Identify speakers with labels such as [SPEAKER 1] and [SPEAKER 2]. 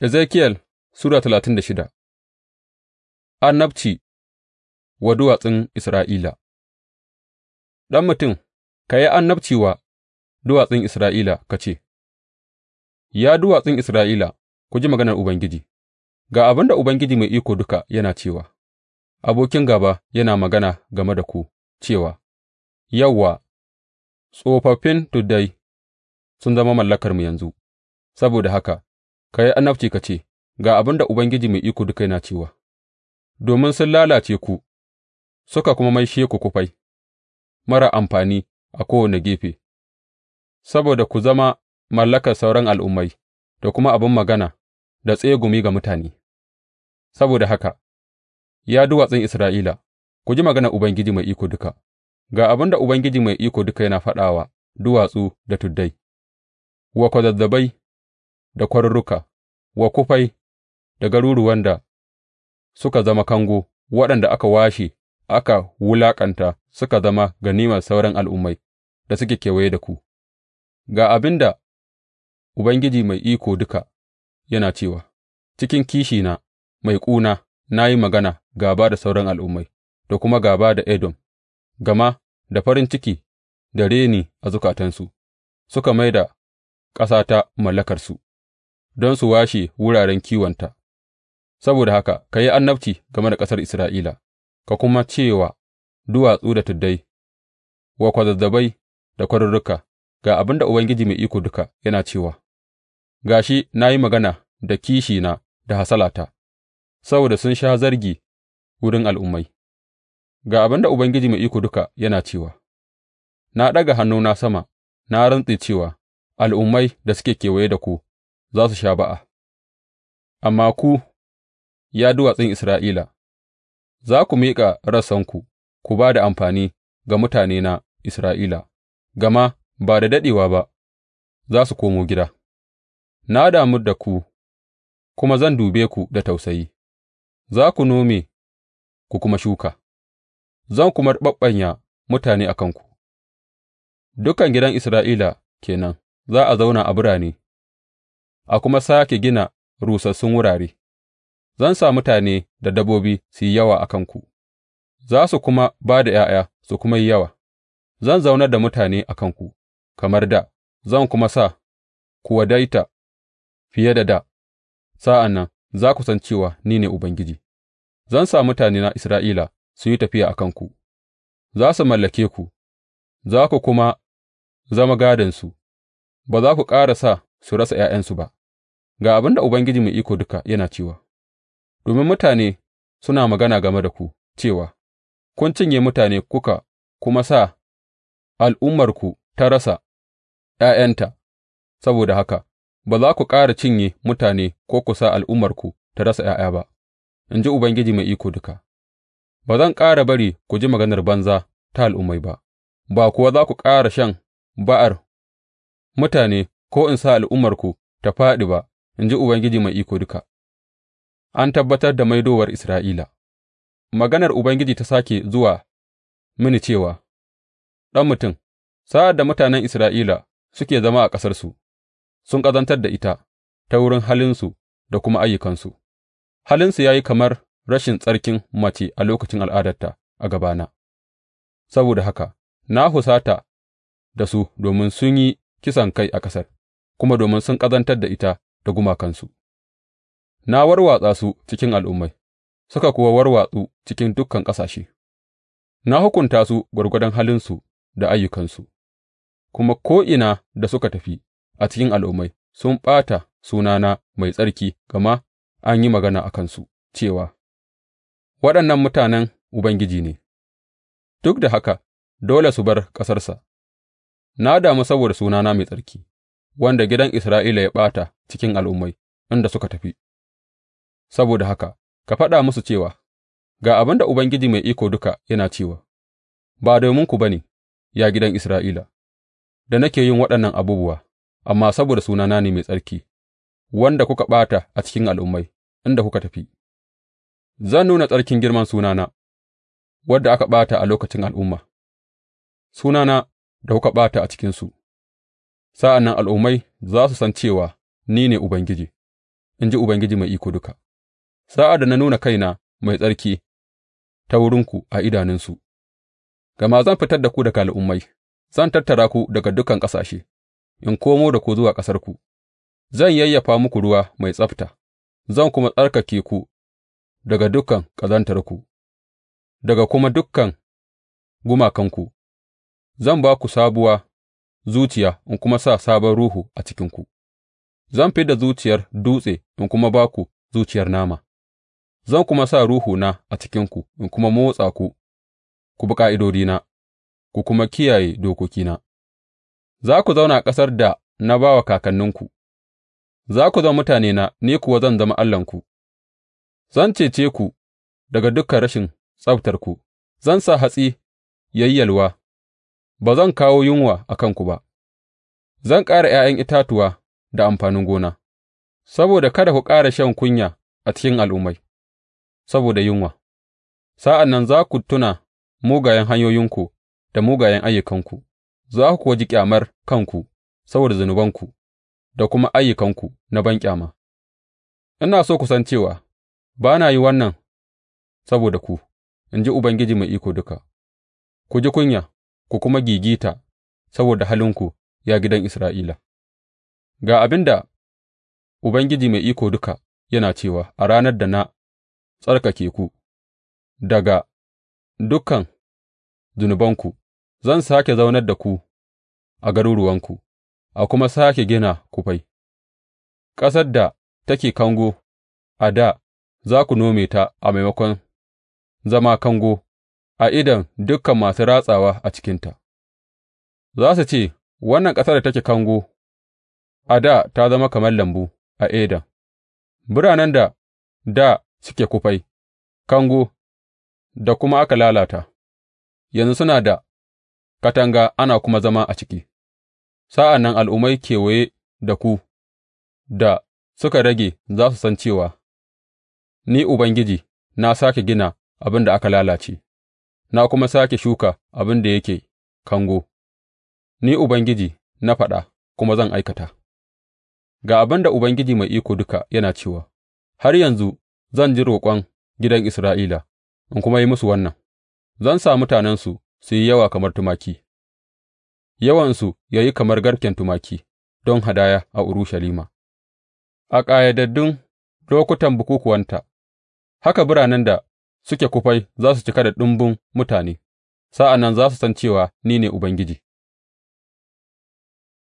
[SPEAKER 1] Ezekiyel Sura talatin da shida Annabci wa duwatsun Isra'ila Ɗan mutum, ka yi annabci wa duwatsun Isra'ila ka ce, Ya duwatsun Isra'ila, ku ji maganar Ubangiji, ga abin da Ubangiji Mai Iko Duka yana cewa, abokin gaba yana magana game da ku cewa, Yawwa, tsofaffin tuddai sun zama mallakarmu yanzu, saboda haka. ka yi annabci ka ce, Ga abin da Ubangiji Mai Iko Duka yana cewa, Domin sun lalace ku, suka kuma maishe ku kufai, mara amfani a kowane gefe, saboda ku zama mallakar sauran al'ummai da kuma abin magana da tsegumi ga mutane, saboda haka, ya duwatsun Isra'ila, ku ji magana Ubangiji Mai Iko Duka, ga abin da Ubangiji Mai Iko Duka yana faɗawa duwatsu da tuddai, wa kwazazzabai da kwaruruka, wakufai da garuruwan da suka zama kango, waɗanda aka washe aka wulaƙanta suka zama ganimar sauran al'ummai da suke kewaye da ku, ga abin da Ubangiji Mai Iko Duka yana cewa, Cikin kishina mai ƙuna na yi magana gāba da sauran al'ummai da kuma gāba da Edom, gama da farin ciki da reni a zukatansu suka mai da ƙasata mallakarsu. don su washe wuraren kiwonta, saboda haka ka yi annabci game da ƙasar Isra'ila, ka kuma ce wa duwatsu da tuddai, wa kwazazzabai da kwarurruka, ga abin da Ubangiji Mai Iko Duka yana cewa, Ga shi na yi magana da kishina da hasalata, saboda sun sha zargi wurin al'ummai. Ga abin da Ubangiji Mai Iko Duka yana cewa, Na ɗaga hannuna sama, na rantse cewa al'ummai da suke kewaye da ku za su sha ba'a, amma ku, ya duwatsun Isra'ila, za ku miƙa rassanku ku ba da amfani ga mutanena Isra'ila, gama ba da daɗewa ba za su komo gida. Na damu da ku, kuma zan dube ku da tausayi, za ku nome ku kuma shuka, zan kuma ɓaɓɓanya mutane a kanku, dukan gidan Isra'ila kenan. za a zauna a birane. a kuma sāke gina rusassun wurare, zan sa mutane da dabbobi su yi yawa a kanku, za su kuma ba da ’ya'ya su kuma yi yawa, zan zaunar da mutane a kanku kamar da, zan kuma sa ku wadaita fiye da da, sa'an nan za ku san cewa ni ne Ubangiji, zan sa mutane na Isra'ila su yi tafiya a kanku, za su mallake ku, za ku kuma zama gādonsu, ba za ku ƙara sa su rasa ’ya'yansu ba. Ga abin da Ubangiji Mai Iko Duka yana cewa, Domin mutane suna magana game da ku cewa, Kun cinye mutane kuka kuma sa al'ummarku ta rasa ’ya'yanta, saboda haka ba za ku ƙara cinye mutane ko ku sa al'ummarku ta rasa ’ya'ya ba, in ji Ubangiji Mai Iko Duka. Ba zan ƙara bari ku ji maganar banza ta al'ummai ba, ba kuwa za ku ƙara shan ba'ar mutane ko in sa al'ummarku ta fāɗi ba. in ji Ubangiji Mai Iko Duka, an tabbatar da maidowar Isra'ila. Maganar Ubangiji ta sake zuwa mini cewa, Ɗan mutum, sa'ad da mutanen Isra'ila suke zama a ƙasarsu, sun ƙazantar da ita ta wurin halinsu da kuma ayyukansu, halinsu ya yi kamar rashin tsarkin mace a lokacin al'adarta a gabana, saboda haka na husata da su domin sun yi kisan kai a ƙasar, kuma domin sun ƙazantar da ita da gumakansu, na warwatsa su cikin al'ummai suka kuwa warwatsu cikin dukan ƙasashe; na hukunta su gwargwadon halinsu da ayyukansu, kuma ko'ina da suka tafi a cikin al'ummai sun ɓata sunana mai tsarki, gama an yi magana a kansu cewa, Waɗannan mutanen Ubangiji ne, duk da haka dole su bar ƙasarsa; na damu saboda sunana mai tsarki. wanda gidan Isra'ila ya ɓata cikin al'ummai inda suka tafi, saboda haka ka faɗa musu cewa, Ga abin da Ubangiji Mai Iko Duka yana cewa, Ba domin ku ba ne, ya gidan Isra'ila, da nake yin waɗannan abubuwa, amma saboda sunana ne mai tsarki, wanda kuka ɓata a cikin al'ummai inda kuka tafi, zan nuna tsarkin girman sunana, wadda aka ɓata a lokacin al'umma, sunana da kuka ɓata a cikinsu. Sa'an nan al'ummai za su san cewa ni ne Ubangiji, in ji Ubangiji Mai Iko Duka, sa'ad da na nuna kaina mai tsarki ta wurinku a idanunsu, gama zan fitar da ku daga al'ummai, zan tattara ku daga dukan ƙasashe, in komo da ku zuwa ƙasarku, zan yayyafa muku ruwa mai tsabta, zan kuma tsarkake ku daga dukan ƙazantarku, daga kuma dukan gumakanku, zan ba ku sabuwa zuciya in kuma sa sabon ruhu a cikinku; zan fid da zuciyar dutse in kuma ba ku zuciyar nama, zan kuma sa Ruhuna a cikinku in kuma motsa ku ku bi ƙa'idodina ku kuma kiyaye dokokina, za ku zauna a ƙasar da na ba wa kakanninku, za ku zama mutanena, ni kuwa zan zama Allahnku, zan cece ku daga dukan rashin tsabtarku, zan sa hatsi yayyalwa. ba zan kawo yunwa a kanku ba, zan ƙara ’ya'yan itatuwa da amfanin gona, saboda kada ku ƙara shan kunya a cikin al'ummai saboda yunwa, sa'an nan za ku tuna mugayen hanyoyinku da mugayen ayyukanku, za ku kuwa ji ƙyamar kanku saboda zunubanku da kuma ayyukanku na banƙyama. Ina so ku san cewa ba na yi wannan saboda ku, in ji Ubangiji Mai Iko Duka, ku ji kunya. ku kuma gigita saboda halinku, ya gidan Isra'ila, ga abin da Ubangiji Mai Iko Duka yana cewa a ranar da na tsarkake ku daga dukan zunubanku, zan sake zaunar da ku a garuruwanku, a kuma sake gina kufai, ƙasar da take kango a da za ku nome ta a maimakon zama kango a idon dukan masu ratsawa a cikinta, za su ce, Wannan ƙasar da take kango a da ta zama kamar lambu a edan. biranen da da suke kufai, kango da kuma aka lalata, yanzu suna da katanga ana kuma zama a ciki, sa'an nan al'ummai kewaye da ku da suka rage za su san cewa, Ni Ubangiji na sake gina abin da aka lalace. na kuma sāke shuka abin da yake kango, Ni Ubangiji na faɗa kuma zan aikata, ga abin da Ubangiji Mai Iko Duka yana cewa, Har yanzu zan ji roƙon gidan Isra'ila in kuma yi musu wannan, zan sa mutanensu su yi yawa kamar tumaki, yawansu ya yi kamar garken tumaki don hadaya a Urushalima, a ƙayyadaddun lokutan bukukuwanta, haka biranen da suke kufai za su cika da ɗumbun mutane; sa'an nan za su san cewa ni ne Ubangiji.